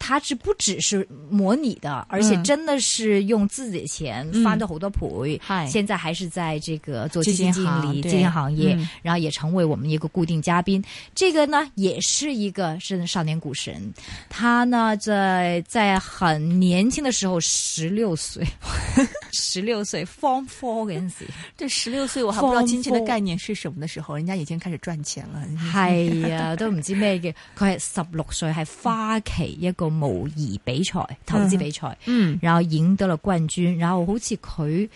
他是不只是模擬的，而且真的是用自己的錢翻的好多倍。嗯、現在還是在這個做基金經理，基金行業，然後也成為我們一個固定嘉賓。這個呢，也是一個是少年股神。他呢，在在很年輕的時候，十六歲，十 六歲，form four，agency。Four, 這十六歲我還不知道金錢的概念是什麼的時候，人家已經開始賺錢了。哎呀，都唔知咩嘅，佢係十六歲係花旗一個。模擬比賽、投資比賽，嗯嗯、然後贏到啦冠軍，然後好似佢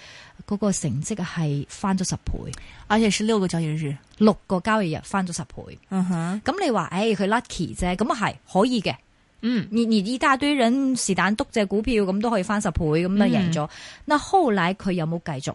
嗰個成績係翻咗十倍，而且是六個交易日，六個交易日翻咗十倍。咁、嗯、哼你話誒佢 lucky 啫，咁啊係可以嘅。嗯，而而一大堆人是但督隻股票，咁都可以翻十倍，咁啊贏咗。嗯、那後來佢有冇繼續？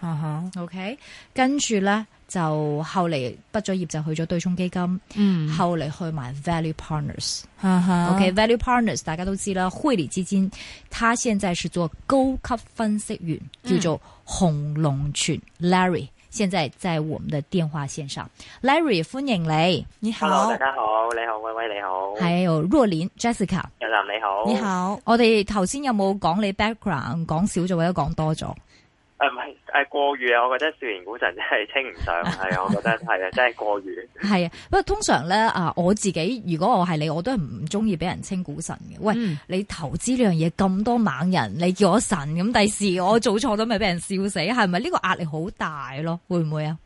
Uh huh. OK 跟住咧就後嚟畢咗業就去咗對沖基金，嗯、mm.，後嚟去埋 Value Partners，OK，Value Partners 大家都知啦，惠理基金，他現在是做高級分析員，叫做洪龍荃 Larry，現在在我們的電話線上，Larry 歡迎你，Hello, 你好，大家好，你好威威你好，還有若琳 Jessica，有男！你好，Jessica、你好，你好我哋頭先有冇講你 background，講少咗或者講多咗？誒唔係，誒過譽啊！我覺得少年股神真係稱唔上，係啊 我覺得係啊，真係過譽。係啊， 不過通常咧啊，我自己如果我係你，我都係唔中意俾人稱股神嘅。嗯、喂，你投資呢樣嘢咁多猛人，你叫我神咁，第時我做錯咗咪俾人笑死？係咪呢個壓力好大咯？會唔會啊？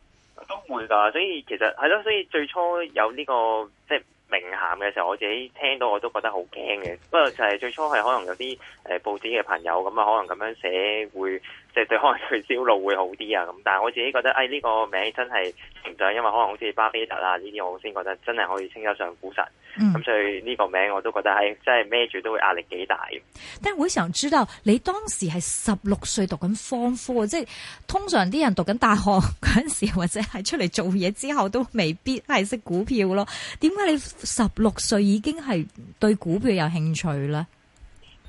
都會噶，所以其實係咯，所以最初有呢、這個即係名銜嘅時候，我自己聽到我都覺得好驚嘅。不過就係最初係可能有啲誒報紙嘅朋友咁啊，可能咁樣寫會。即係對開佢銷路會好啲啊！咁，但係我自己覺得，誒，呢個名真係成長，因為可能好似巴菲特啊呢啲，我先覺得真係可以稱得上股神。咁，嗯嗯，所以呢個名我都覺得係真係孭住都會壓力幾大。但係我想知道，你當時係十六歲讀緊方科，即係通常啲人讀緊大學嗰陣時，或者係出嚟做嘢之後都未必係識股票咯。點解你十六歲已經係對股票有興趣咧？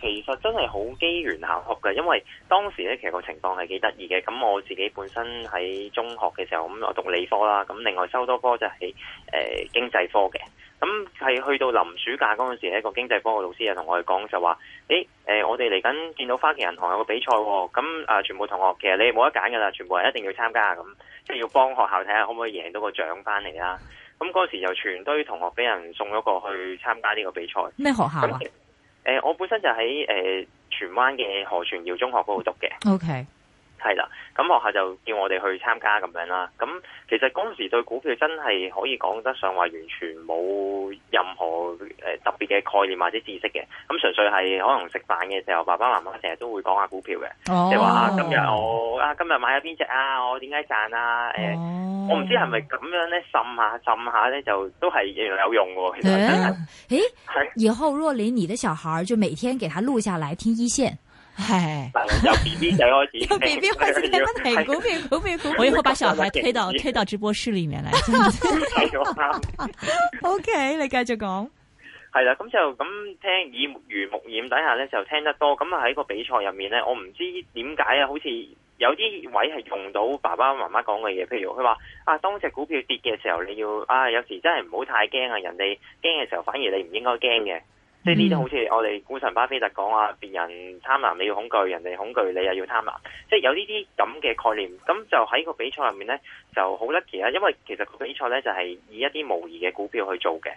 其實真係好機緣巧合嘅，因為當時咧其實個情況係幾得意嘅。咁我自己本身喺中學嘅時候咁，咁我讀理科啦，咁另外修多科就係、是、誒、呃、經濟科嘅。咁係去到臨暑假嗰陣時咧，呢個經濟科嘅老師就同我哋講就話：誒，誒、呃，我哋嚟緊見到花旗銀行有個比賽，咁啊，全部同學其實你冇得揀噶啦，全部人一定要參加啊，咁即係要幫學校睇下可唔可以贏到個獎翻嚟啦。咁嗰時就全堆同學俾人送咗個去參加呢個比賽。咩學校？誒、呃，我本身就喺誒、呃、荃灣嘅何傳耀中學嗰度讀嘅。OK。係啦，咁學校就叫我哋去參加咁樣啦。咁其實嗰陣時對股票真係可以講得上話完全冇任何特別嘅概念或者知識嘅。咁純粹係可能食飯嘅時候，爸爸媽媽成日都會講下股票嘅，你話、哦、啊今日我啊今日買咗邊隻啊，我點解賺啊。哦欸、我唔知係咪咁樣咧，滲下滲下咧就都係有用喎。啊、其實真係，誒、欸，是以後若然你，你的小孩就每天給他錄下來聽一線。係， 由 B B 仔開始， 由 B B 開始聽股票，股票股票。 我以後把小孩推到 推到直播室裏面來。O K，你繼續講。係啦， 咁就咁聽耳濡目染底下咧，就聽得多。咁啊喺個比賽入面咧，我唔知點解啊，好似有啲位係用到爸爸媽媽講嘅嘢，譬如佢話啊，當隻股票跌嘅時候，你要啊，有時真係唔好太驚啊，人哋驚嘅時候，反而你唔應該驚嘅。即係呢啲好似我哋股神巴菲特講啊，別人貪婪你要恐懼，人哋恐懼你又要貪婪，即係有呢啲咁嘅概念，咁就喺個比賽入面咧就好 lucky 啦，因為其實個比賽咧就係以一啲模擬嘅股票去做嘅。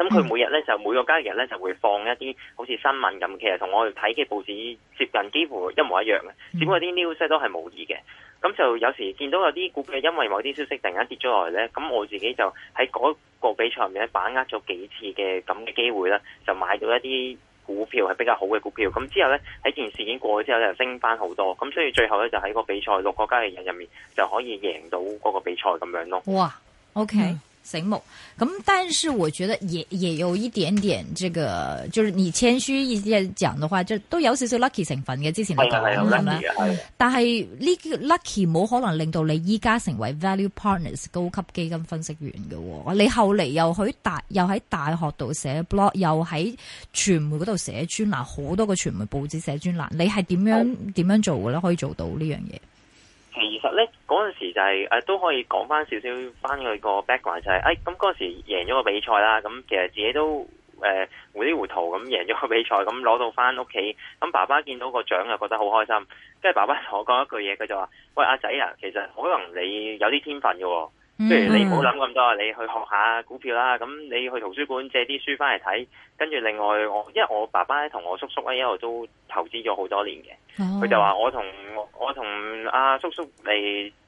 咁佢、嗯、每日咧就每個交易日咧就會放一啲好似新聞咁，其實同我哋睇嘅報紙接近幾乎一模一樣嘅，只不過啲 news 都係模擬嘅。咁就有時見到有啲股票因為某啲消息突然間跌咗落嚟咧，咁我自己就喺嗰個比賽入面咧把握咗幾次嘅咁嘅機會呢，就買到一啲股票係比較好嘅股票。咁之後咧喺件事件過去之後咧升翻好多，咁所以最後咧就喺個比賽六個交易日入面就可以贏到嗰個比賽咁樣咯。哇，OK。嗯醒目咁。但是我覺得也也有一點點，這個就是你謙虛意思講的話，就都有少少 lucky 成分嘅。之前反正自但係呢個 lucky 冇可能令到你依家成為 value partners 高級基金分析員嘅、哦，你後嚟又喺大又喺大學度寫 blog，又喺傳媒嗰度寫專欄，好多個傳媒報紙寫專欄，你係點樣點、嗯、樣做嘅咧？可以做到呢樣嘢？其實咧，嗰陣時就係誒都可以講翻少少翻佢個 background，就係咁嗰陣時贏咗個比賽啦。咁其實自己都誒糊裏糊塗咁贏咗個比賽，咁攞到翻屋企，咁爸爸見到個獎就覺得好開心。跟住爸爸同我講一句嘢，佢就話：就喂，阿仔啊，其實可能你有啲天分嘅喎。譬、嗯、如你唔好諗咁多，你去學下股票啦。咁你去圖書館借啲書翻嚟睇，跟住另外我因為我爸爸咧同我叔叔咧，一路都投資咗好多年嘅。佢、哦、就話我同我同阿、啊、叔叔嚟，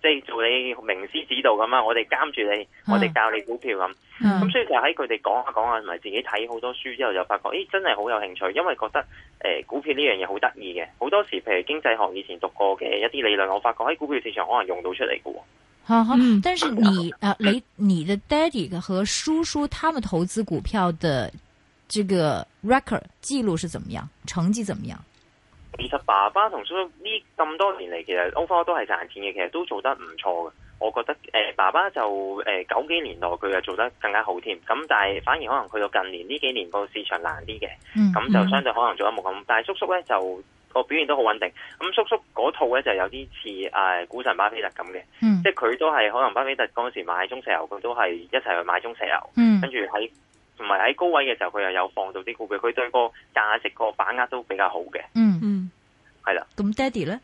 即、就、係、是、做你名師指導咁啊！我哋監住你，我哋教你股票咁。咁、嗯、所以就喺佢哋講下講下，同埋自己睇好多書之後，就發覺，咦、欸，真係好有興趣，因為覺得誒、欸、股票呢樣嘢好得意嘅。好多時譬如經濟學以前讀過嘅一啲理論，我發覺喺股票市場可能用到出嚟嘅。好好，嗯嗯、但是你、嗯、啊，你你的爹地和叔叔他們投資股票的這個 record 記錄是怎麼樣？成績怎麼樣？其實爸爸同叔叔呢，咁多年嚟，其實 overall 都係賺錢嘅，其實都做得唔錯嘅。我覺得誒、呃，爸爸就誒、呃、九幾年代佢又做得更加好添。咁但係反而可能去到近年呢幾年個市場難啲嘅，咁、嗯、就相對可能做得冇咁。嗯、但係叔叔咧就，個表現都好穩定，咁叔叔嗰套咧就有啲似誒股神巴菲特咁嘅，嗯、即係佢都係可能巴菲特嗰時買中石油，佢都係一齊去買中石油，嗯、跟住喺同埋喺高位嘅時候，佢又有放到啲股票，佢對個價值個把握都比較好嘅、嗯。嗯嗯，係啦的，咁爹哋咧？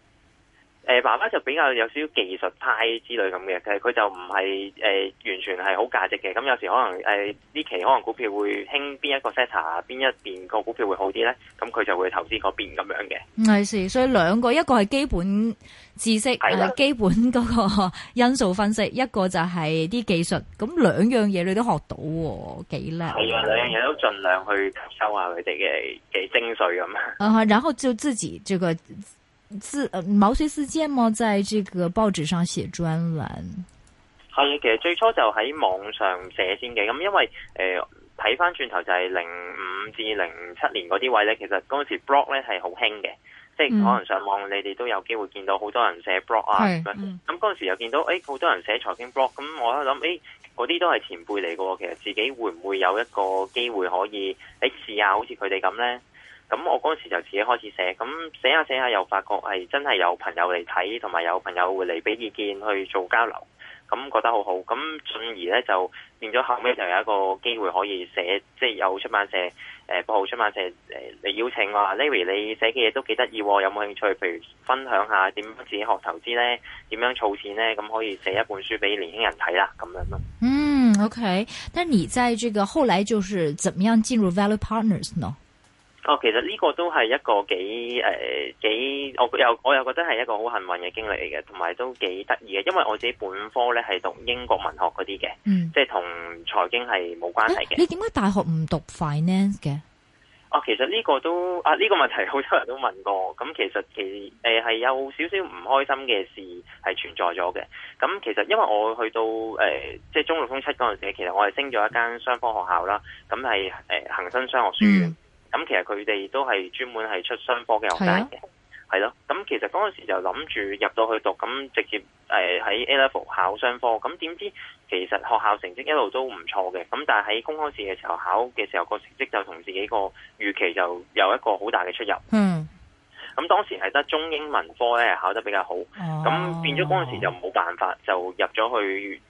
誒爸爸就比較有少少技術派之類咁嘅，佢就唔係誒完全係好價值嘅。咁有時可能誒呢、呃、期可能股票會興邊一個 set 啊，邊一邊個股票會好啲咧，咁佢就會投資嗰邊咁樣嘅。係事，所以兩個一個係基本知識，係啦、啊、基本嗰個因素分析，一個就係啲技術。咁兩樣嘢你都學到、哦，幾叻係啊！兩樣嘢都盡量去吸收下佢哋嘅嘅精髓咁。嗯、啊，然後就自己這個。自毛遂自薦嗎？在這個報紙上寫專欄？係，其實最初就喺網上寫先嘅。咁因為誒睇翻轉頭就係零五至零七年嗰啲位咧，其實嗰陣時 blog 咧係好興嘅，嗯、即係可能上網你哋都有機會見到好多人寫 blog 是、嗯、啊。咁咁嗰陣時又見到誒，好、哎、多人寫財經 blog，咁我諗誒，嗰、哎、啲都係前輩嚟嘅。其實自己會唔會有一個機會可以誒試、哎、下，好似佢哋咁咧？咁我嗰時就自己開始寫，咁寫下寫下又發覺係真係有朋友嚟睇，同埋有朋友會嚟俾意見去做交流，咁覺得好好。咁進而咧就變咗後尾就有一個機會可以寫，即、就、係、是、有出版社誒，港、呃、出版社誒嚟、呃、邀請話，Larry 你寫嘅嘢都幾得意，有冇興趣？譬如分享下點自己學投資咧，點樣儲錢咧，咁可以寫一本書俾年輕人睇啦，咁樣咯。嗯，OK。但你在這個後來就是怎麼樣進入 Value Partners 呢？哦，其實呢個都係一個幾誒幾，我又我又覺得係一個好幸運嘅經歷嚟嘅，同埋都幾得意嘅，因為我自己本科咧係讀英國文學嗰啲嘅，嗯、即係同財經係冇關係嘅、啊。你點解大學唔讀 finance 嘅？哦，其實呢個都啊呢、呢個問題好多人都問過，咁其實其誒係、呃、有少少唔開心嘅事係存在咗嘅。咁其實因為我去到誒、呃、即係中六中七嗰陣時候，其實我係升咗一間商科學校啦，咁係誒恆生商學書院。嗯。咁其實佢哋都係專門係出商科嘅學生嘅、啊，係咯。咁其實嗰陣時就諗住入到去讀，咁直接誒喺 A level 考商科。咁點知其實學校成績一路都唔錯嘅。咁但係喺公開試嘅時候考嘅時候，個成績就同自己個預期就有一個好大嘅出入。嗯。咁當時係得中英文科咧考得比較好，咁變咗嗰陣時就冇辦法、哦、就入咗去。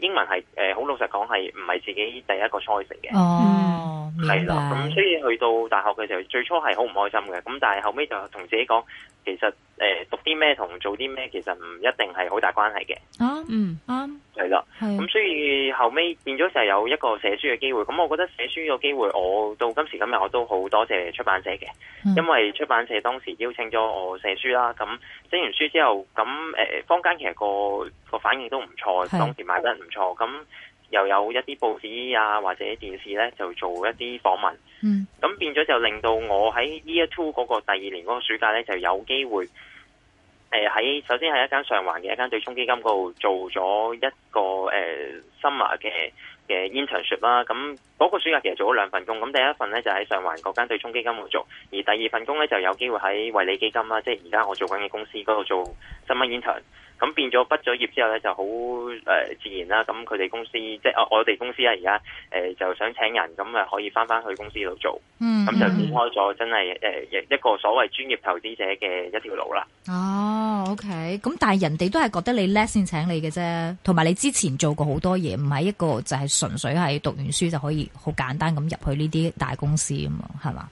英文系誒，好老實講，係唔係自己第一個 choice 嘅，哦，係啦，咁所以去到大學嘅時候，最初係好唔開心嘅，咁但係後尾就同自己講。其實誒、呃，讀啲咩同做啲咩，其實唔一定係好大關係嘅。嗯，嗯，啱，係咯，咁所以後尾變咗成日有一個寫書嘅機會。咁我覺得寫書個機會，我到今時今日我都好多謝出版社嘅，嗯、因為出版社當時邀請咗我寫書啦。咁寫完書之後，咁誒、呃，坊間其實個個反應都唔錯，的當時賣得唔錯，咁。又有一啲報紙啊，或者電視呢，就做一啲訪問。咁、嗯、變咗就令到我喺 Year Two 嗰個第二年嗰個暑假呢，就有機會誒喺、呃、首先係一間上環嘅一間對沖基金度做咗一個誒、呃、summer 嘅嘅 internship 啦。咁嗰個暑假其實做咗兩份工。咁第一份呢，就喺上環嗰間對沖基金度做，而第二份工呢，就有機會喺惠理基金啦，即係而家我做緊嘅公司嗰度做 summer intern。咁變咗畢咗業之後咧，就好、呃、自然啦。咁佢哋公司，即係、呃、我我哋公司啊，而家、呃、就想請人，咁啊可以返返去公司度做。嗯，咁就展開咗真係、呃、一個所謂專業投資者嘅一條路啦。哦，OK。咁但係人哋都係覺得你叻先請你嘅啫，同埋你之前做過好多嘢，唔係一個就係純粹係讀完書就可以好簡單咁入去呢啲大公司咁嘛，係嘛？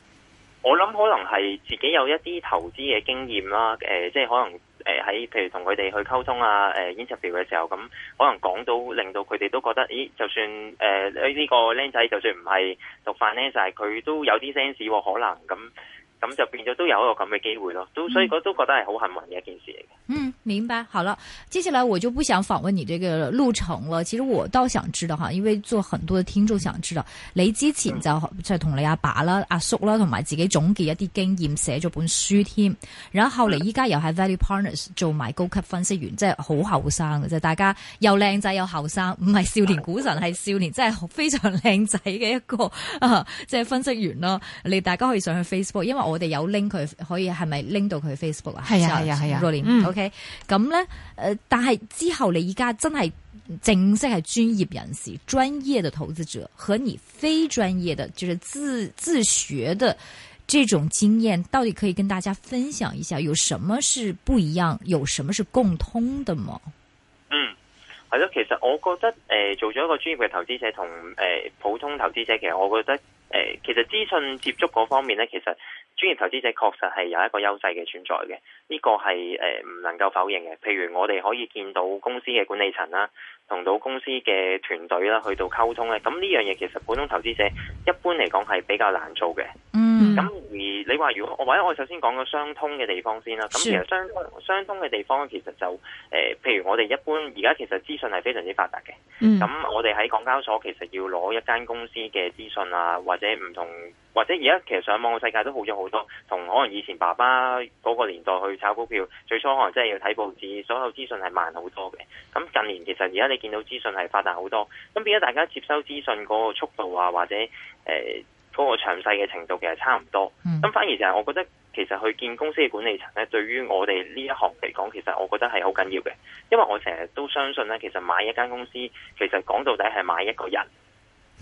我諗可能係自己有一啲投資嘅經驗啦、呃，即係可能。誒喺，呃、在譬如同佢哋去溝通啊，誒、呃、interview 嘅時候，咁、嗯、可能講到令到佢哋都覺得，咦，就算誒呢、呃這個僆仔，就算唔係毒犯呢，就係佢都有啲 sense 喎、哦，可能咁，咁、嗯嗯、就變咗都有一個咁嘅機會咯，都所以我都，都覺得係好幸運嘅一件事嚟嘅。嗯。明白，好啦。接下來我就不想訪問你這個路程了。其實我倒想知道哈，因為做很多的聽眾想知道，你之前你就係同你阿爸啦、阿叔啦，同埋自己總結一啲經驗，寫咗本書添。然后後嚟依家又係 Valley Partners 做埋高級分析員，即係好後生嘅，即係大家又靚仔又後生，唔係少年股神，係 少，少年，真係非常靚仔嘅一個啊，即係分析員咯。你大家可以上去 Facebook，因為我哋有拎佢，可以係咪拎到佢 Facebook 啊？係啊係啊係啊，啊年嗯，OK。咁咧，誒，但係之後你而家真係正式係專業人士、專業嘅投資者，和你非專業的，就是自自學的這種經驗，到底可以跟大家分享一下，有什麼是不一樣，有什麼是共通的嘛？嗯，係咯，其實我覺得，誒、呃，做咗一個專業嘅投資者同誒、呃、普通投資者，其實我覺得，誒、呃，其實資訊接觸嗰方面咧，其實。專業投資者確實係有一個優勢嘅存在嘅，呢個係誒唔能夠否認嘅。譬如我哋可以見到公司嘅管理層啦，同到公司嘅團隊啦，去到溝通咧，咁呢樣嘢其實普通投資者一般嚟講係比較難做嘅。咁、嗯、而你話，如果，或者我首先講個相通嘅地方先啦。咁其實相通相通嘅地方其實就、呃、譬如我哋一般而家其實資訊係非常之發達嘅。咁、嗯、我哋喺港交所其實要攞一間公司嘅資訊啊，或者唔同，或者而家其實上網嘅世界都好咗好多。同可能以前爸爸嗰個年代去炒股票，最初可能真係要睇報紙，所有資訊係慢好多嘅。咁近年其實而家你見到資訊係發達好多。咁變咗大家接收資訊嗰個速度啊，或者、呃嗰個詳細嘅程度其實差唔多，咁反而就係我覺得其實去見公司嘅管理層咧，對於我哋呢一行嚟講，其實我覺得係好緊要嘅，因為我成日都相信咧，其實買一間公司，其實講到底係買一個人，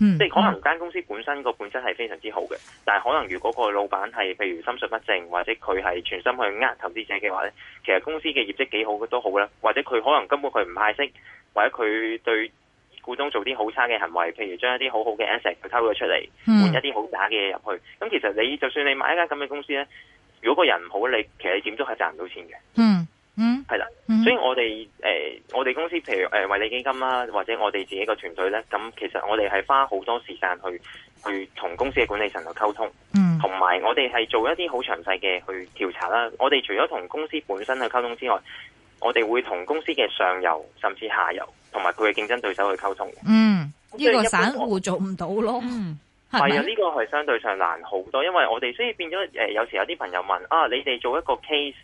嗯、即係可能間公司本身個本質係非常之好嘅，但係可能如果個老闆係譬如心術不正，或者佢係全心去呃投資者嘅話咧，其實公司嘅業績幾好都好啦，或者佢可能根本佢唔派息，或者佢對股東做啲好差嘅行為，譬如將一啲好好嘅 assets 去偷咗出嚟，換、嗯、一啲好假嘅嘢入去。咁其實你就算你買一間咁嘅公司咧，如果個人唔好，你其實你點都係賺唔到錢嘅、嗯。嗯嗯，係啦。所以我哋誒、呃，我哋公司譬如誒，惠、呃、理基金啦，或者我哋自己個團隊咧，咁其實我哋係花好多時間去去同公司嘅管理層去溝通，嗯，同埋我哋係做一啲好詳細嘅去調查啦。我哋除咗同公司本身去溝通之外，我哋會同公司嘅上游甚至下游。同埋佢嘅競爭對手去溝通，嗯，呢個散戶做唔到咯，係啊、嗯，呢吧個係相對上難好多，因為我哋所以變咗誒、呃，有時有啲朋友問啊，你哋做一個 case、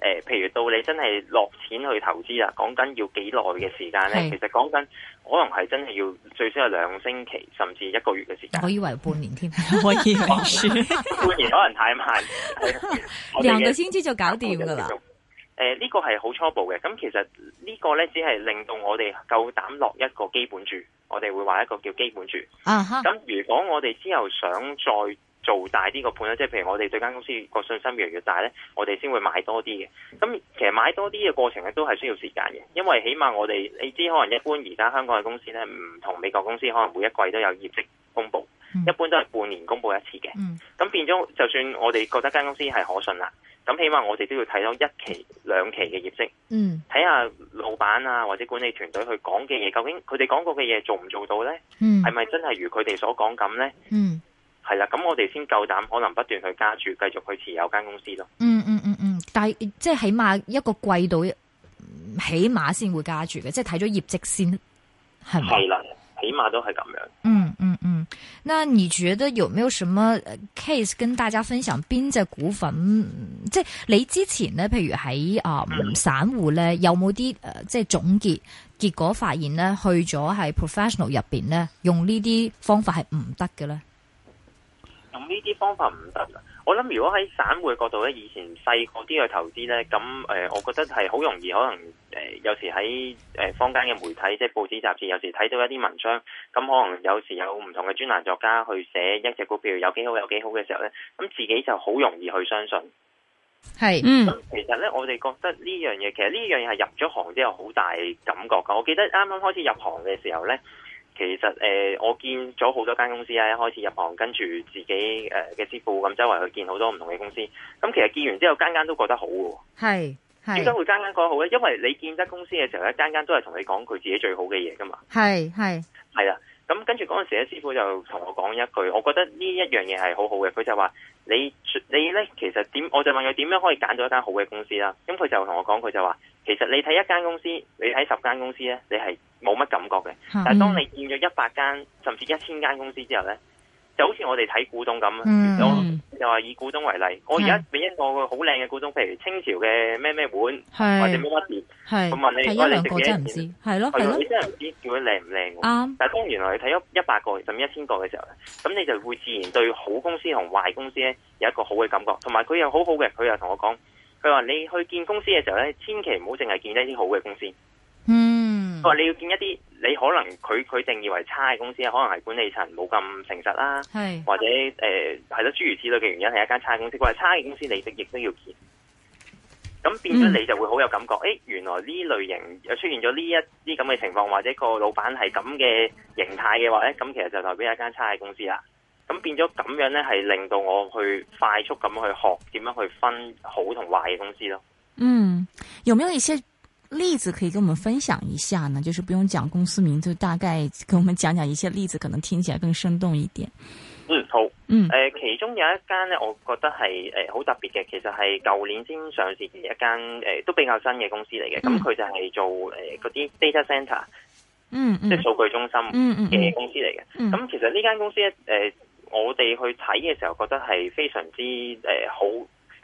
呃、譬如到你真係落錢去投資啦，講緊要幾耐嘅時間咧？是其實講緊可能係真係要最少係兩星期，甚至一個月嘅時間。我以為半年添， 我以為半年 可能太慢，兩個星期就搞掂㗎啦。誒，呢個係好初步嘅，咁其實呢個呢，只係令到我哋夠膽落一個基本注。我哋會話一個叫基本注。咁如果我哋之後想再做大啲個判咧，即係譬如我哋對間公司個信心越嚟越大呢，我哋先會買多啲嘅。咁其實買多啲嘅過程呢都係需要時間嘅，因為起碼我哋你知可能一般而家香港嘅公司呢，唔同美國公司可能每一季都有業績公佈。嗯、一般都係半年公布一次嘅，咁、嗯、變咗就算我哋覺得間公司係可信啦，咁起碼我哋都要睇到一期、兩期嘅業績，睇下、嗯、老闆啊或者管理團隊去講嘅嘢，究竟佢哋講過嘅嘢做唔做到咧？係咪、嗯、真係如佢哋所講咁咧？係、嗯、啦，咁我哋先夠膽可能不斷去加注，繼續去持有間公司咯。嗯嗯嗯嗯，但係即係起碼一個季度，起碼先會加住嘅，即係睇咗業績先係咪？係啦起碼都係咁樣嗯。嗯嗯嗯，那你覺得有沒有什麼 case 跟大家分享？邊隻股份？即係、嗯嗯、你之前呢，譬如喺啊、呃、散戶呢，有冇啲誒，即係總結？結果發現呢？去咗係 professional 入邊呢，用呢啲方法係唔得嘅呢？用呢啲方法唔得。我諗如果喺散戶角度咧，以前細個啲嘅投資咧，咁誒、呃，我覺得係好容易，可能誒、呃，有時喺誒坊間嘅媒體，即係報紙雜誌，有時睇到一啲文章，咁可能有時有唔同嘅專欄作家去寫一隻股票有幾好有幾好嘅時候咧，咁自己就好容易去相信。係、嗯，嗯。咁其實咧，我哋覺得呢樣嘢，其實呢樣嘢係入咗行之後好大感覺噶。我記得啱啱開始入行嘅時候咧。其實誒、呃，我見咗好多間公司啊，一開始入行，跟住自己誒嘅、呃、師傅咁，周圍去見好多唔同嘅公司。咁其實見完之後，間間都覺得好喎。係，點解會間間覺得好咧？因為你見得公司嘅時候咧，間間都係同你講佢自己最好嘅嘢噶嘛。係係係啦。咁、嗯、跟住嗰陣時咧，師傅就同我講一句，我覺得呢一樣嘢係好好嘅。佢就話：你你咧，其實點？我就問佢點樣可以揀到一間好嘅公司啦。咁、嗯、佢就同我講，佢就話。其實你睇一間公司，你睇十間公司咧，你係冇乜感覺嘅。但係當你見咗一百間，甚至一千間公司之後咧，就好似我哋睇古董咁。嗯，就話以古董為例，是我而家畀一個好靚嘅古董譬如清朝嘅咩咩碗，是或者冇乜件，咁是問你，佢話是你唔靚？係咯，佢真係唔知叫佢靚唔靚。喎。的但係當原來你睇一一百個，甚至一千個嘅時候咧，咁、嗯、你就會自然對好公司同壞公司咧有一個好嘅感覺，同埋佢又好好嘅，佢又同我講。佢話你去見公司嘅時候咧，千祈唔好淨係見一啲好嘅公司。嗯，佢話你要見一啲，你可能佢佢定義為差嘅公司，可能係管理層冇咁誠實啦，係是或者誒係咯諸如此類嘅原因係一間差嘅公司，佢係差嘅公司你亦亦都要見。咁變咗你就會好有感覺，誒、嗯哎，原來呢類型又出現咗呢一啲咁嘅情況，或者個老闆係咁嘅形態嘅話咧，咁其實就代表一間差嘅公司啦。咁變咗咁樣咧，係令到我去快速咁去學點樣去分好同壞嘅公司咯。嗯，有冇一些例子可以跟我們分享一下呢？就是不用講公司名，就大概跟我們講講一些例子，可能聽起來更生動一點。嗯，好。嗯，誒、呃，其中有一間咧，我覺得係誒好特別嘅，其實係舊年先上市嘅一間誒、呃，都比較新嘅公司嚟嘅。咁佢就係做誒嗰啲 data center，嗯，即係數據中心，嘅公司嚟嘅。咁其實呢間公司咧，誒、呃。我哋去睇嘅時候，覺得係非常之誒、呃、好。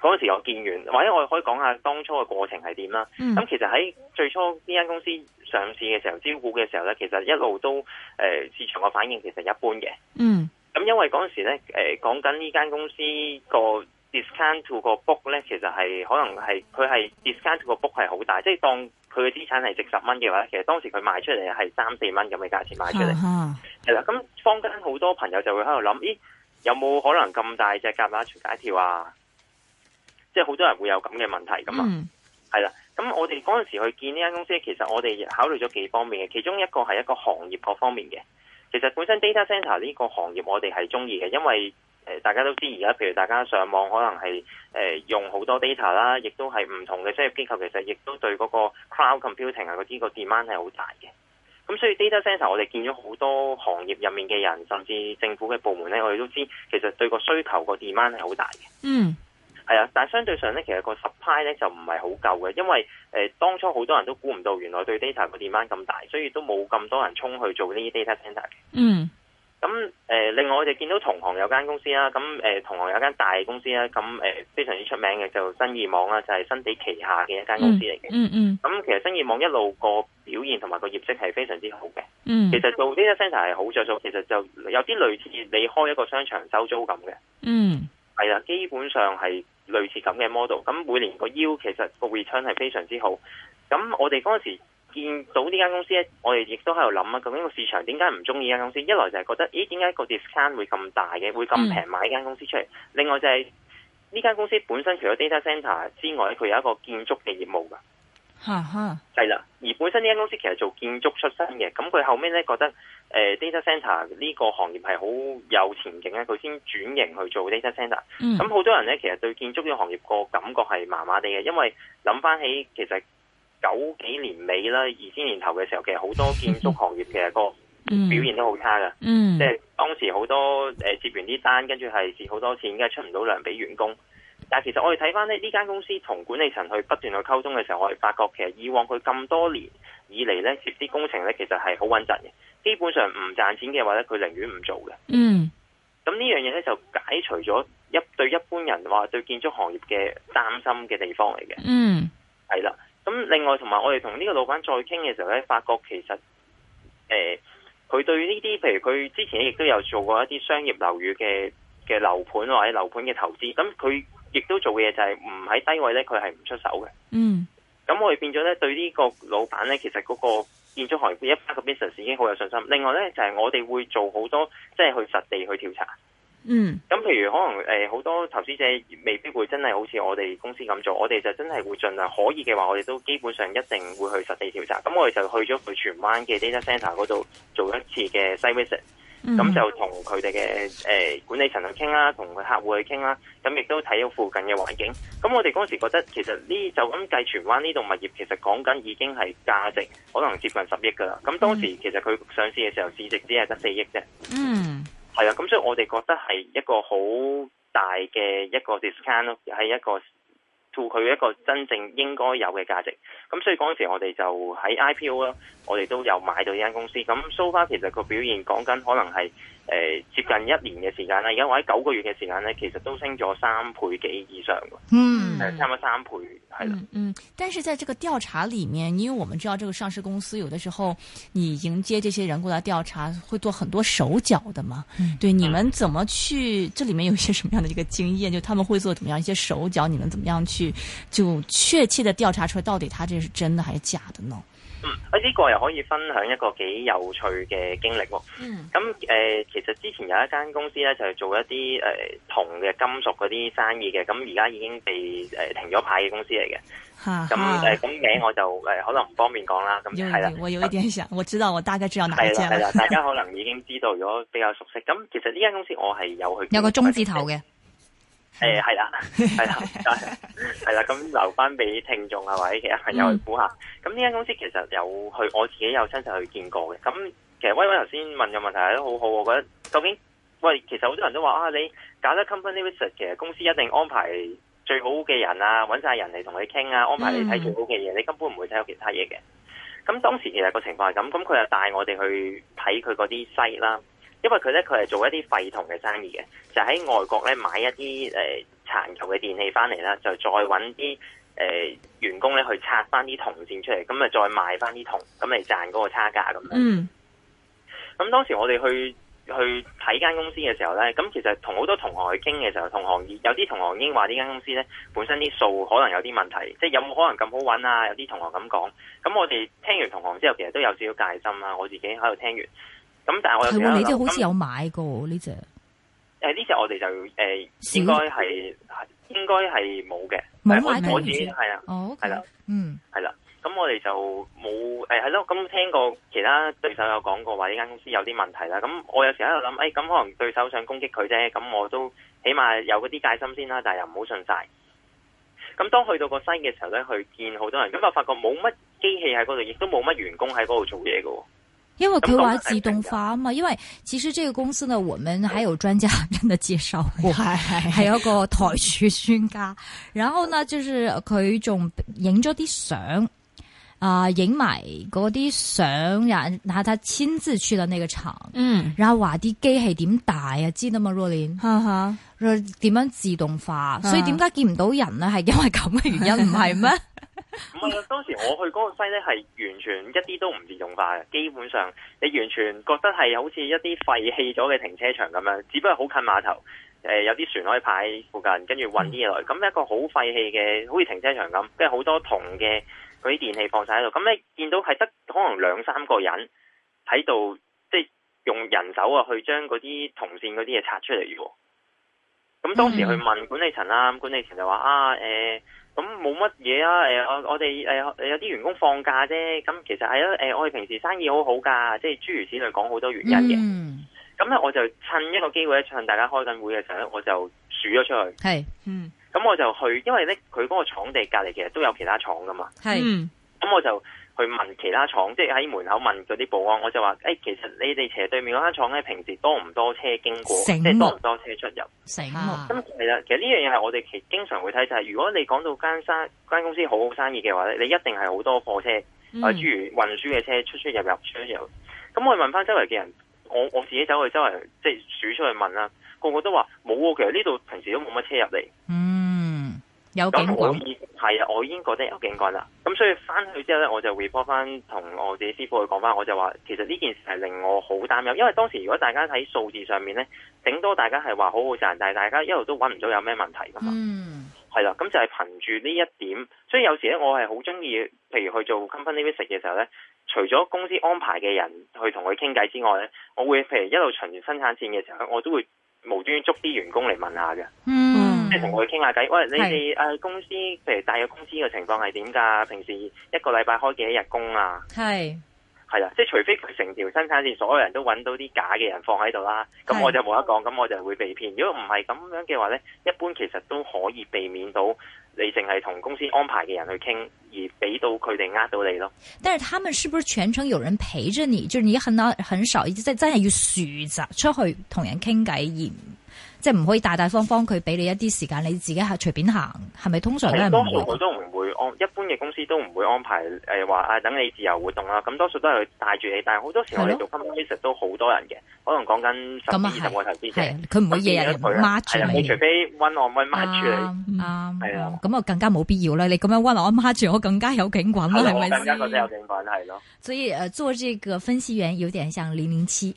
嗰陣時我見完，或者我哋可以講下當初嘅過程係點啦。咁、嗯、其實喺最初呢間公司上市嘅時候，招股嘅時候呢，其實一路都誒、呃、市場嘅反應其實是一般嘅。嗯，咁因為嗰陣時呢，誒、呃、講緊呢間公司個。discount to 個 book 咧，其實係可能係佢係 discount 個 book 係好大，即係當佢嘅資產係值十蚊嘅話，其實當時佢賣出嚟係三四蚊咁嘅價錢賣出嚟。係啦， 咁坊間好多朋友就會喺度諗，咦，有冇可能咁大隻蛤乸隨街跳啊？即係好多人會有咁嘅問題噶嘛。係啦，咁 我哋嗰陣時去見呢間公司，其實我哋考慮咗幾方面嘅，其中一個係一個行業嗰方面嘅。其實本身 data center 呢個行業我哋係中意嘅，因為呃、大家都知而家，譬如大家上網，可能係、呃、用好多 data 啦，亦都係唔同嘅商業機構，其實亦都對嗰個 cloud computing 啊嗰啲個 demand 係好大嘅。咁所以 data center 我哋見咗好多行業入面嘅人，甚至政府嘅部門咧，我哋都知其實對個需求個 demand 係好大嘅。嗯，係啊，但相對上咧，其實個 supply 咧就唔係好夠嘅，因為誒、呃、當初好多人都估唔到原來對 data 嘅 demand 咁大，所以都冇咁多人衝去做呢啲 data center 嘅。嗯。咁誒，另外我哋見到同行有間公司啦，咁誒同行有間大公司啦，咁誒非常之出名嘅就新意網啦，就係、是、新地旗下嘅一間公司嚟嘅。嗯嗯。咁其實新意網一路個表現同埋個業績係非常之好嘅。嗯。嗯其實做呢一間 data centre e 係好着、嗯、數，其實就有啲類似你開一個商場收租咁嘅。嗯。係啦，基本上係類似咁嘅 model，咁每年個腰其實個 return 係非常之好。咁我哋嗰陣時。見到呢間公司咧，我哋亦都喺度諗啊，究竟個市場點解唔中意呢間公司？一來就係覺得，咦，點解個 discount 會咁大嘅，會咁平買呢間公司出嚟？嗯、另外就係呢間公司本身除咗 data center 之外，佢有一個建築嘅業務噶。吓吓哈，係啦。而本身呢間公司其實是做建築出身嘅，咁佢後尾咧覺得，誒，data center 呢個行業係好有前景咧，佢先轉型去做 data center。咁好、嗯、多人咧，其實對建築嘅行業個感覺係麻麻地嘅，因為諗翻起其實，九幾年尾啦，二千年頭嘅時候，其實好多建築行業嘅個表現都好差㗎，即係、mm. mm. 當時好多誒、呃、接完啲單，跟住係蝕好多錢，而家出唔到糧俾員工。但係其實我哋睇翻呢呢間公司同管理層去不斷去溝通嘅時候，我哋發覺其實以往佢咁多年以嚟呢，接啲工程呢，其實係好穩陣嘅，基本上唔賺錢嘅話呢，佢寧願唔做嘅。嗯，咁呢樣嘢呢，就解除咗一對一般人話對建築行業嘅擔心嘅地方嚟嘅。嗯、mm.，係啦。咁另外，同埋我哋同呢個老闆再傾嘅時候咧，發覺其實誒，佢、呃、對呢啲，譬如佢之前亦都有做過一啲商業樓宇嘅嘅樓盤或者樓盤嘅投資。咁佢亦都做嘅嘢就係唔喺低位咧，佢係唔出手嘅。嗯，咁我哋變咗咧，對呢個老闆咧，其實嗰個建築行業一班嘅 business 已經好有信心。另外咧，就係、是、我哋會做好多即係、就是、去實地去調查。嗯，咁譬如可能誒，好多投資者未必會真係好似我哋公司咁做，我哋就真係會盡量可以嘅話，我哋都基本上一定會去實地調查。咁我哋就去咗去荃灣嘅 Data Center 嗰度做一次嘅 site visit，咁就同佢哋嘅誒管理層去傾啦，同佢客戶去傾啦，咁亦都睇咗附近嘅環境。咁我哋嗰時覺得，其實呢就咁計荃灣呢度物業，其實講緊已經係價值可能接近十億噶啦。咁當時其實佢上市嘅時候，市值只係得四億啫。嗯。係啊，咁所以我哋覺得係一個好大嘅一個 discount 咯，喺一個 to 佢一個真正應該有嘅價值。咁所以嗰時我哋就喺 IPO 啦，我哋都有買到呢間公司。咁 so far 其實個表現講緊可能係。呃，接近一年嘅時間呢，而家我喺九個月嘅時間呢，其實都升咗三倍幾以上，嗯，差唔多三倍係咯，嗯，但是在這個調查裏面，因為我們知道，這個上市公司有的時候你迎接這些人過來調查，會做很多手腳的嘛，嗯，對，你們怎麼去？這裏面有一些什麼樣的一個經驗？就他們會做怎麼樣一些手腳？你們怎麼樣去就確切的調查出來到底他這是真的還是假的呢？嗯，啊、這、呢個又可以分享一個幾有趣嘅經歷喎、哦。嗯，咁、嗯、其實之前有一間公司咧，就係做一啲銅嘅金屬嗰啲生意嘅，咁而家已經被、呃、停咗牌嘅公司嚟嘅。咁誒咁名我就可能唔方便講啦。咁係啦，我有啲點想、嗯、我知道我大概知道哪隻。係啦係啦， 大家可能已經知道咗，比較熟悉。咁其實呢間公司我係有去。有個中字頭嘅。誒，係啦、嗯，係啦，係啦，咁留翻俾聽眾啊，或者其他朋友去估下。咁呢間公司其實有去，我自己有親身去見過嘅。咁其實威威頭先問嘅問題都好好，我覺得究竟，喂，其實好多人都話啊，你搞得 company visit，其實公司一定安排最好嘅人啊，揾晒人嚟同你傾啊，安排你睇最好嘅嘢，你根本唔會睇到其他嘢嘅。咁當時其實個情況係咁，咁佢又帶我哋去睇佢嗰啲西啦。因為佢咧，佢係做一啲廢銅嘅生意嘅，就喺、是、外國咧買一啲誒、呃、殘舊嘅電器翻嚟啦，就再揾啲誒員工咧去拆翻啲銅線出嚟，咁啊再賣翻啲銅，咁嚟賺嗰個差價咁樣。嗯。咁當時我哋去去睇間公司嘅時候咧，咁其實同好多同行去傾嘅時候，同行有啲同行已經話呢間公司咧本身啲數可能有啲問題，即係有冇可能咁好揾啊？有啲同行咁講。咁我哋聽完同行之後，其實都有少少戒心啦、啊。我自己喺度聽完。咁但係我睇翻，係你即係好似有買過呢隻？誒呢隻我哋就誒、呃、小應該係係應該係冇嘅，冇買過先係啊。好，係啦，Okay. 了嗯，係啦。咁我哋就冇誒係咯。咁聽過其他對手有講過話呢間公司有啲問題啦。咁我有時喺度諗，誒、哎、咁可能對手想攻擊佢啫。咁我都起碼有嗰啲戒心先啦，但係又唔好信晒。咁當去到個西嘅時候咧，去見好多人咁就發覺冇乜機器喺嗰度，亦都冇乜員工喺嗰度做嘢喎。因為佢話自動化嘛，因為其實這個公司呢，我們還有專家真的介紹，係係係一個台柱專家。 然後呢，就是佢仲影咗啲相，啊、呃，影埋嗰啲相，然後他親自去了那個場，嗯，然後話啲機器點大啊，知道嘛 Raulin 吓點樣自動化，所以點解見唔到人呢？係因為咁嘅原因唔係咩？不是 唔係 當時我去嗰個西呢，係完全一啲都唔自動化嘅，基本上你完全覺得係好似一啲廢棄咗嘅停車場咁樣，只不過好近碼頭，誒、呃、有啲船可以排喺附近，跟住運啲嘢落去。咁一個好廢棄嘅，好似停車場咁，跟住好多銅嘅嗰啲電器放晒喺度。咁你見到係得可能兩三個人喺度，即、就、係、是、用人手啊去將嗰啲銅線嗰啲嘢拆出嚟嘅。咁當時去問管理層啦，管理層就話啊，誒、呃。咁冇乜嘢啊！誒、呃，我我哋誒有啲員工放假啫。咁其實係咯，誒、呃、我哋平時生意好好噶，即係諸如此類，講好多原因嘅。咁咧、嗯，我就趁一個機會咧，趁大家開緊會嘅時候咧，我就鼠咗出去。係，嗯。咁我就去，因為咧佢嗰個廠地隔籬其實都有其他廠噶嘛。係。咁我就。去問其他廠，即係喺門口問嗰啲保安，我就話，誒、欸，其實你哋斜對面嗰間廠咧，平時多唔多車經過，了即係多唔多車出入？成咁啦，其實呢樣嘢係我哋其經常會睇就係、是，如果你講到間生間公司好好生意嘅話咧，你一定係好多貨車，譬、嗯、如運輸嘅車出出入入出入。咁我問翻周圍嘅人，我我自己走去周圍即係數出去問啦，個個都話冇喎。其實呢度平時都冇乜車入嚟。嗯。有警覺，係啊，我已經覺得有警覺啦。咁所以翻去之後咧，我就 report 翻同我自己師傅去講翻，我就話其實呢件事係令我好擔憂，因為當時如果大家喺數字上面咧，頂多大家係話好好賺，但係大家一路都揾唔到有咩問題噶嘛。嗯，係啦。咁就係憑住呢一點，所以有時咧，我係好中意，譬如去做 company visit 嘅時候咧，除咗公司安排嘅人去同佢傾偈之外咧，我會譬如一路循完生產線嘅時候，我都會無端端捉啲員工嚟問下嘅。嗯。即係同佢傾下偈，喂，你哋誒是、啊、公司，譬如大約公司嘅情況係點噶？平時一個禮拜開幾日工啊？係係啦，即係除非佢成條生產線所有人都揾到啲假嘅人放喺度啦，咁我就冇得講，咁我就會被騙。如果唔係咁樣嘅話咧，一般其實都可以避免到你淨係同公司安排嘅人去傾，而俾到佢哋呃到你咯。但是他們是不是全程有人陪着你？就是你很難、很少，即真係要選擇出去同人傾偈而？即係唔可以大大方方，佢俾你一啲時間，你自己行隨便行，係咪通常咧？係，多數佢都唔會安，一般嘅公司都唔會安排，誒話啊等你自由活動啦。咁多數都係佢帶住你，但係好多時候你做分析師都好多人嘅，可能講緊十幾二十佢唔了會日日抹住你，on 你，除非温我温抹住你。係啊，咁、嗯、啊了、嗯、更加冇必要啦！你咁樣温 on, 我抹住我，更加有警棍啦，係咪先？是是更加覺得有警棍係咯。所以，做呢個分析員有點像零零七。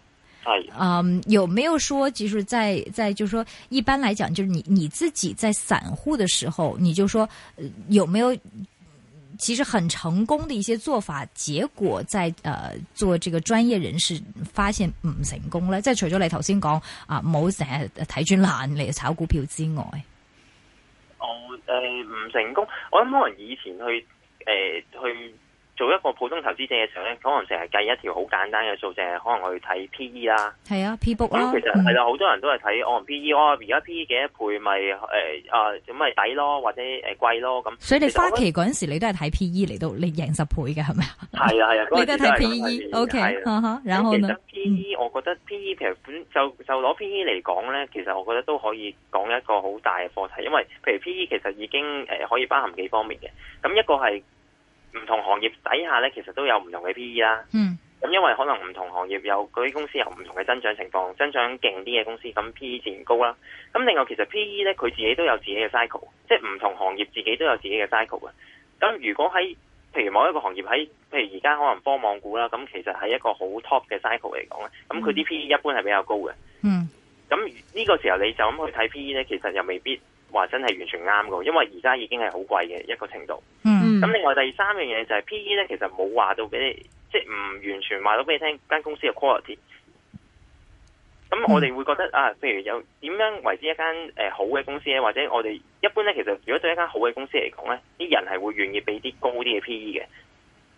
嗯，是 um, 有沒有說，就是在在，就是說，一般來講，就是你你自己在散戶的時候，你就說，有沒有其實很成功的一些做法，結果在，呃，做這個專業人士發現唔成功呢。再除咗你頭先講，啊，冇成日睇專欄嚟炒股票之外，我誒唔、呃、成功，我諗可能以前去誒、呃、去。做一個普通投資者嘅時候咧，可能成日計一條好簡單嘅數字，係可能去睇 P E 啦，係啊，P book 啦，啊、其實係啦，好、嗯啊、多人都係睇哦 P E，哦，而家 P E 幾多倍、就是，咪、呃、誒啊咁咪抵咯，或者誒、呃、貴咯，咁。所以你花旗嗰陣時，你都係睇 P E 嚟到，你贏十倍嘅係咪？係啊係啊，你、啊、 都係睇 P E，O K，然後呢其實 P E、嗯、我覺得 P E 其實本就就攞 P E 嚟講咧，其實我覺得都可以講一個好大嘅課題，因為譬如 P E 其實已經誒、呃、可以包含幾方面嘅，咁一個係。唔同行業底下咧，其實都有唔同嘅 P E 啦。嗯。咁因為可能唔同行業有嗰啲公司有唔同嘅增長情況，增長勁啲嘅公司，咁 P E 自然高啦。咁另外其實 P E 咧，佢自己都有自己嘅 cycle，即係唔同行業自己都有自己嘅 cycle 嘅。咁如果喺譬如某一個行業喺譬如而家可能科網股啦，咁其實係一個好 top 嘅 cycle 嚟講咧，咁佢啲 P E 一般係比較高嘅。嗯。咁呢個時候你就咁去睇 P E 咧，其實又未必。話真係完全啱嘅，因為而家已經係好貴嘅一個程度。咁、嗯、另外第三樣嘢就係 P E 咧，其實冇話到俾你，即係唔完全話到俾你聽間公司嘅 quality。咁我哋會覺得、嗯、啊，譬如有點樣為之一間誒、呃、好嘅公司咧，或者我哋一般咧，其實如果對一間好嘅公司嚟講咧，啲人係會願意俾啲高啲嘅 P E 嘅。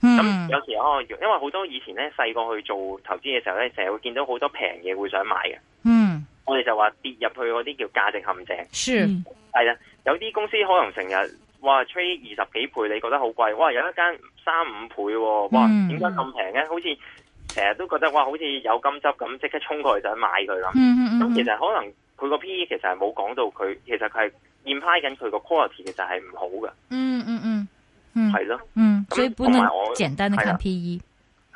咁、嗯、有時我因為好多以前咧細個去做投資嘅時候咧，成日會見到好多平嘢會想買嘅。嗯。我哋就話跌入去嗰啲叫價值陷阱，係啊是。有啲公司可能成日哇 trade 二十幾倍，你覺得好貴哇？有一間三五倍、哦、哇，點解咁平呢？好似成日都覺得哇，好似有金汁咁，即刻衝過去就去買佢啦。咁其實可能佢個 P E 其實係冇講到佢，其實佢係 imply 緊佢個 quality，其實係唔好㗎。嗯嗯嗯，係咯，嗯，嗯的嗯所以同埋我簡單嘅 P E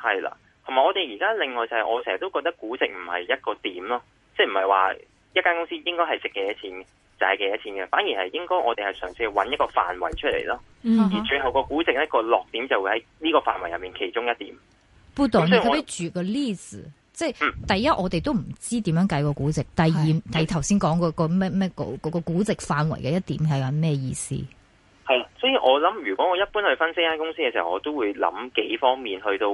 係啦，同埋我哋而家另外就係、是、我成日都覺得估值唔係一個點咯。即係唔係話一間公司應該係值幾多錢賺幾、就係、多錢嘅，反而係應該我哋係嘗試揾一個範圍出嚟咯。嗯、哼而最後個估值一、那個落點就會喺呢個範圍入面其中一點。不如懂我俾住個例子，即係、嗯、第一我哋都唔知點樣計個估值，第二的你頭先講個、那個咩咩嗰嗰估值範圍嘅一點係咩意思？係，所以我諗如果我一般去分析間公司嘅時候，我都會諗幾方面去到。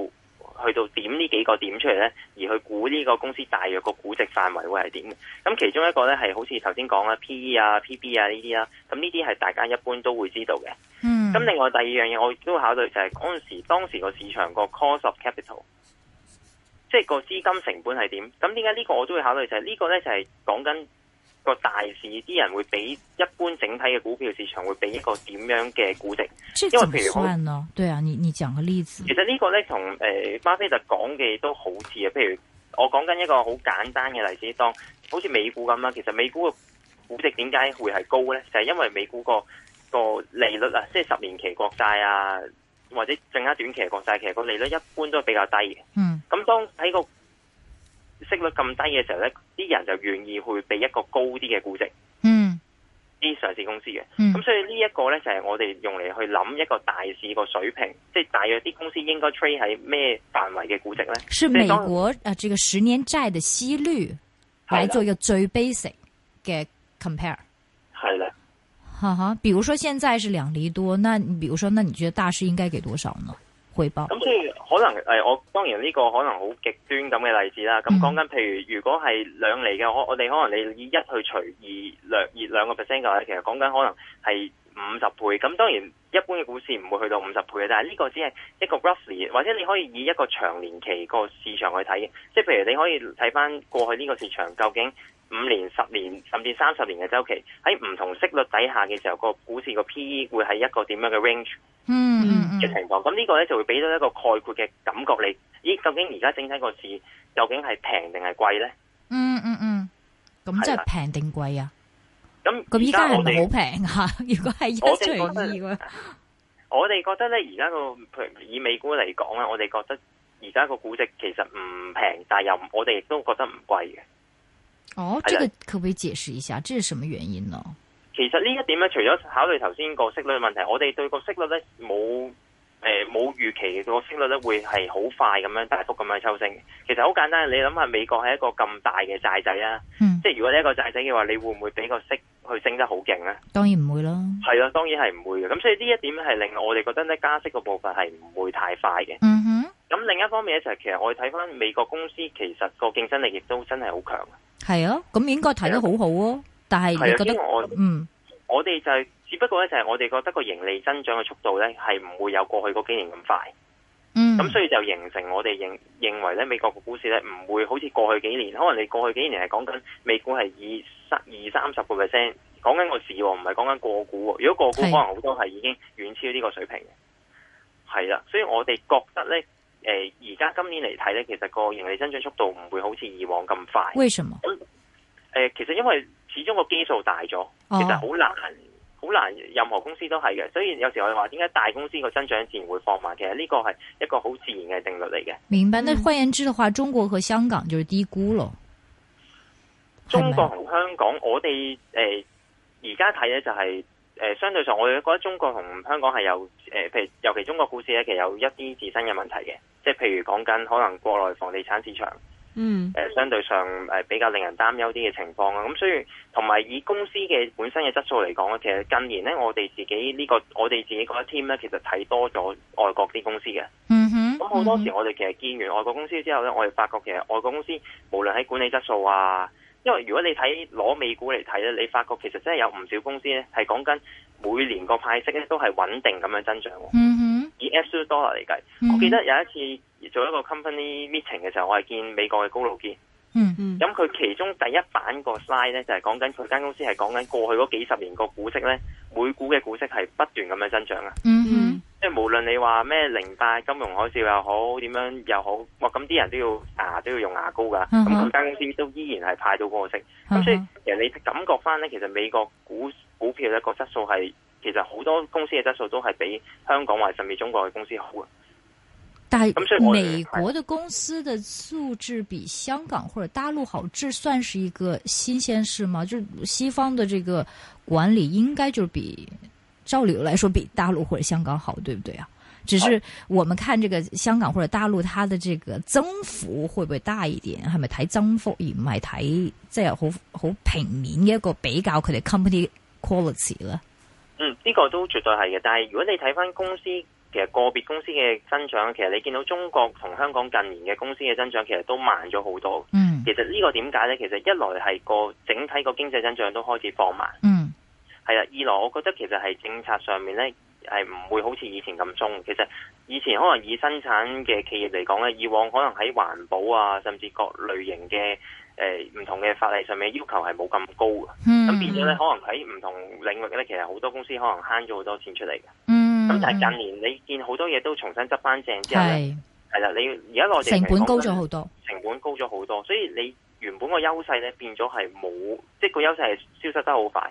去到點呢幾個點出嚟呢？而去估呢個公司大約個估值範圍會係點？咁其中一個呢，係好似頭先講啦，P E 啊、P B 啊呢啲啦，咁呢啲係大家一般都會知道嘅。咁、嗯、另外第二樣嘢，我亦都會考慮就係嗰陣時，當時個市場個 cost of capital，即係個資金成本係點？咁點解呢個我都會考慮就係、是、呢、呢個呢，就係講緊。個大市啲人會畀，一般整體嘅股票市場會畀一個點樣嘅估值？因為譬如我，對啊，你你講個例子。其實個呢個咧，同誒巴菲特講嘅都好似啊。譬如我講緊一個好簡單嘅例子，當好似美股咁啦。其實美股嘅估值點解會係高咧？就係、是、因為美股個個利率啊，即係十年期國債啊，或者更加短期嘅國債，其實個利率一般都比較低嘅。嗯。咁當喺個息率咁低嘅時候咧，啲人就願意去俾一個高啲嘅估值。嗯，啲上市公司嘅。嗯，咁所以呢一個咧就係我哋用嚟去諗一個大市個水平，即係大約啲公司應該 trade 喺咩範圍嘅估值咧？是美國啊，這個十年債嘅息率嚟做一個最 basic 嘅 compare。係啦的。哈哈，比如說現在是兩厘多，那你，比如說，那你覺得大市應該給多少呢？回報。咁所以可能誒、哎，我當然呢個可能好極端咁嘅例子啦。咁講緊，譬如如果係兩厘嘅，我我哋可能你以一去除以兩二兩個 percent 嘅話，其實講緊可能係五十倍。咁當然一般嘅股市唔會去到五十倍嘅，但係呢個只係一個 roughly，或者你可以以一個長年期的個市場去睇，即係譬如你可以睇翻過去呢個市場究竟。五年、十年甚至三十年嘅周期，喺唔同息率底下嘅時候，個股市個 PE 會喺一個點樣嘅 range 嘅情況？咁呢個咧就會俾到一個概括嘅感覺，你咦？究竟而家整體個市究竟係平定係貴咧？嗯嗯嗯，咁即係平定貴啊？咁咁依家係咪好平啊？如果係一除二嘅話，我哋覺得咧，而家個譬如以美股嚟講咧，我哋覺得而家個估值其實唔平，但係又我哋亦都覺得唔貴嘅。哦，呢個可唔可以解釋一下？這係什麼原因呢？其實呢一點咧，除咗考慮頭先個息率問題，我哋對個息率咧冇、誒冇預期個息率咧會係好快咁樣大幅咁樣抽升。其實好簡單，你諗下美國係一個咁大嘅債仔啊，嗯、即係如果你一個債仔嘅話，你會唔會俾個息去升得好勁咧？當然唔會咯，係，當然係唔會嘅。咁所以呢一點係令我哋覺得咧加息嘅部分係唔會太快嘅。咁、嗯、哼另一方面咧就係，其實我哋睇翻美國公司，其實個競爭力亦都真係好強。係啊，咁應該睇得好好、啊、哦。啊、但係你覺得嗯、啊，我哋就係、是、只不過咧，就係我哋覺得個盈利增長嘅速度咧，係唔會有過去嗰幾年咁快。嗯，咁所以就形成我哋認認為咧，美國嘅股市咧唔會好似過去幾年，可能你過去幾年係講緊美股係二三二三十個 percent，講緊個市，唔係講緊個股。如果個股可能好多係已經遠超呢個水平。係啦、啊啊，所以我哋覺得咧。誒，而家、呃、今年嚟睇咧，其實個盈利增長速度唔會好似以往咁快。為什麼？誒、呃，其實因為始終個基數大咗，哦、其實好難，好難，任何公司都係嘅。所以有時我哋話，點解大公司個增長自然會放慢，其實呢個係一個好自然嘅定律嚟嘅。明白。那換言之嘅話，嗯、中國和香港就是低估咯。中國同香港，是是我哋誒而家睇咧就係、是、誒、呃、相對上，我哋覺得中國同香港係有誒，譬、呃、如尤其中國股市咧，其實有一啲自身嘅問題嘅。即係譬如講緊可能國內房地產市場，相對上比較令人擔憂啲嘅情況啊。咁所以同埋以公司嘅本身嘅質素嚟講咧，其實近年咧我哋自己呢個我哋自己個 team 咧，其實睇多咗外國啲公司嘅。嗯哼，咁好多時我哋其實見完外國公司之後咧，我哋發覺其實外國公司無論喺管理質素啊。因為如果你睇攞美股嚟睇咧，你發覺其實真係有唔少公司咧，係講緊每年個派息咧都係穩定咁樣增長。嗯哼、mm，hmm. 以 Absolute Dollar 嚟計，mm hmm. 我記得有一次做一個 Company Meeting 嘅時候，我係見美國嘅高佬見。嗯嗯、mm。咁、hmm. 佢其中第一版個 slide 咧就係講緊佢間公司係講緊過去嗰幾十年個股息咧，每股嘅股息係不斷咁樣增長啊。嗯、mm hmm. 即係無論你話咩零貸、金融海嘯又好，點樣又好，哇！咁啲人都要牙、啊、都要用牙膏噶，咁間、uh huh. 公司都依然係派到個息。咁、uh huh. 所以其實你感覺翻咧，其實美國股股票咧個質素係，其實好多公司嘅質素都係比香港或者甚至中國嘅公司好嘅。但係美國的公司的素質比香港或者大陸好，這算是一個新鮮事嗎？就西方的這個管理應該就比。照理來說，比大陸或者香港好，對不對啊？只是我們看這個香港或者大陸，它的這個增幅會不會大一點？係咪睇增幅而唔係睇即係好好平面嘅一個比較佢哋 company quality 呢？嗯，呢、這個都絕對係嘅。但係如果你睇翻公司其實個別公司嘅增長，其實你見到中國同香港近年嘅公司嘅增長，其實都慢咗好多。嗯，其實這個呢個點解呢？其實一來係個整體個經濟增長都開始放慢。嗯。係啦，二來我覺得其實係政策上面咧，係唔會好似以前咁鬆。其實以前可能以生產嘅企業嚟講咧，以往可能喺環保啊，甚至各類型嘅誒，唔同嘅法例上面要求係冇咁高嘅。咁，嗯，變咗咧，可能喺唔同領域咧，其實好多公司可能慳咗好多錢出嚟嘅。嗯，咁但係近年你見好多嘢都重新執翻正之後咧，係啦，你而家內地成本高咗好多，成本高咗好多，所以你原本個優勢咧變咗係冇，即係個優勢係消失得好快。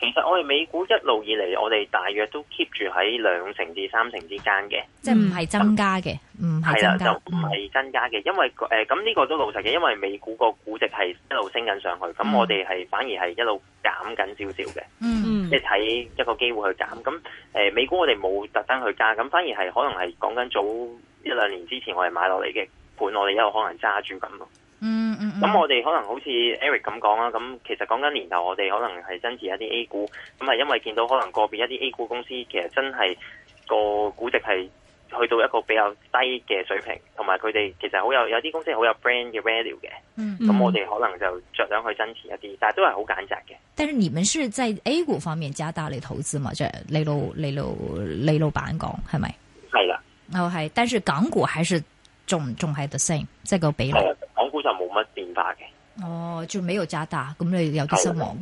其實我哋美股一路以嚟，我哋大約都 keep 住喺兩成至三成之間嘅，即係唔係增加嘅，唔係、嗯、增加，唔係、係啦、嗯、就唔係增加嘅。因為誒咁呢個都老實嘅，因為美股個估值係一路升緊上去，咁我哋係、嗯、反而係一路減緊少少嘅。嗯，即係睇一個機會去減。咁誒、呃，美股我哋冇特登去加，咁反而係可能係講緊早一兩年之前我哋買落嚟嘅盤，我哋一路可能揸住咁咯。嗯嗯，咁、嗯嗯、我哋可能好似 Eric 咁講啦，咁其實講緊年頭，我哋可能係增持一啲 A 股，咁係因為見到可能個別一啲 A 股公司其實真係個估值係去到一個比較低嘅水平，同埋佢哋其實好有有啲公司好有 brand 嘅 value 嘅，咁、嗯嗯、我哋可能就着想去增持一啲，但係都係好簡潔嘅。但是你們是在 A 股方面加大嘅投資嘛？即係你老你老李老闆講係咪？係啦，的哦係，但是港股還是仲仲係 the same，即係個比例。嘅，哦，仲未有加大，咁你有啲失望。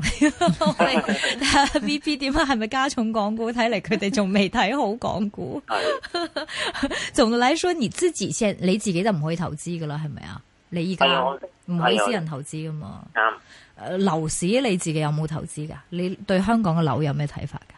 V P 點解係咪加重港股？睇嚟佢哋仲未睇好港股。仲總的來 說你自己你自己就唔可以投資噶啦，係咪啊？你而家唔可以私人投資噶嘛？啱。誒，樓市你自己有冇投資噶？你對香港嘅樓有咩睇法噶？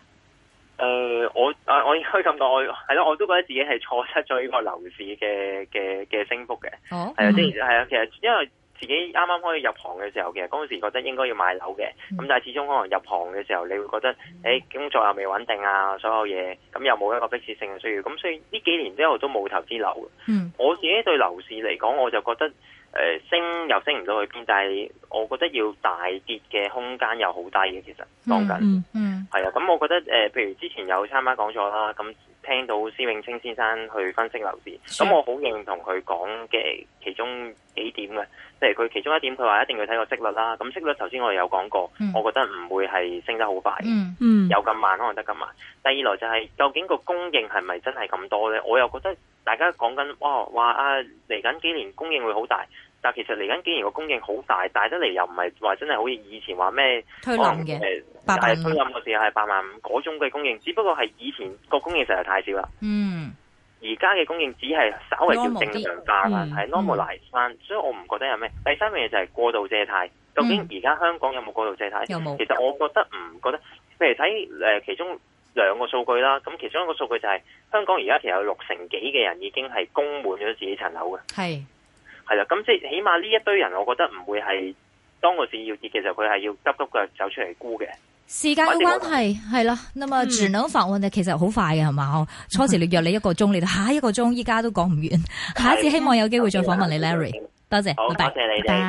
誒、呃，我誒，我應該咁講，我係咯，我都覺得自己係錯失咗呢個樓市嘅嘅嘅升幅嘅。哦，係啊，係啊，其實因為。自己啱啱可以入行嘅時候嘅，其實嗰時覺得應該要買樓嘅，咁、嗯、但係始終可能入行嘅時候，你會覺得誒、嗯哎、工作又未穩定啊，所有嘢，咁又冇一個迫切性嘅需要，咁所以呢幾年之後都冇投資樓。嗯，我自己對樓市嚟講，我就覺得誒、呃、升又升唔到去邊，但係我覺得要大跌嘅空間又好低嘅，其實當緊、嗯，嗯，係、嗯、啊，咁我覺得誒、呃，譬如之前有參加講座啦，咁。聽到施永青先生去分析樓市，咁我好認同佢講嘅其中幾點嘅，即係佢其中一點，佢話一定要睇個息率啦。咁息率頭先我哋有講過，我覺得唔會係升得好快，嗯，有咁慢可能得咁慢。第二來就係、是、究竟個供應係咪真係咁多咧？我又覺得。大家講緊，哇，話啊，嚟緊幾年供應會好大，但其實嚟緊幾年個供應好大，大得嚟又唔係話真係好似以前話咩推冧，可能嘅，但係推冧嘅時候係八萬五嗰種嘅供應，只不過係以前個供應實在太少啦，嗯。嗯，而家嘅供應只係稍微要正常化啦，係 normalize 返。所以我唔覺得有咩。第三樣嘢就係過度借貸，究竟而家香港有冇過度借貸？嗯、有冇？其實我覺得唔覺得，譬如睇誒、呃、其中。兩個數據啦，咁其中一個數據就係、是、香港而家其實有六成幾嘅人已經係供滿咗自己層樓嘅，係係啦。咁即係起碼呢一堆人，我覺得唔會係當個市要跌，其實佢係要急急腳走出嚟沽嘅時間嘅關係係喇。咁啊，全樓法案其實好快嘅係嘛？嗯、的我初時你約你一個鐘，你下一個鐘，依家都講唔完。的下一次希望有機會再訪問你的 Larry，多謝，好 bye bye, 多謝你哋。bye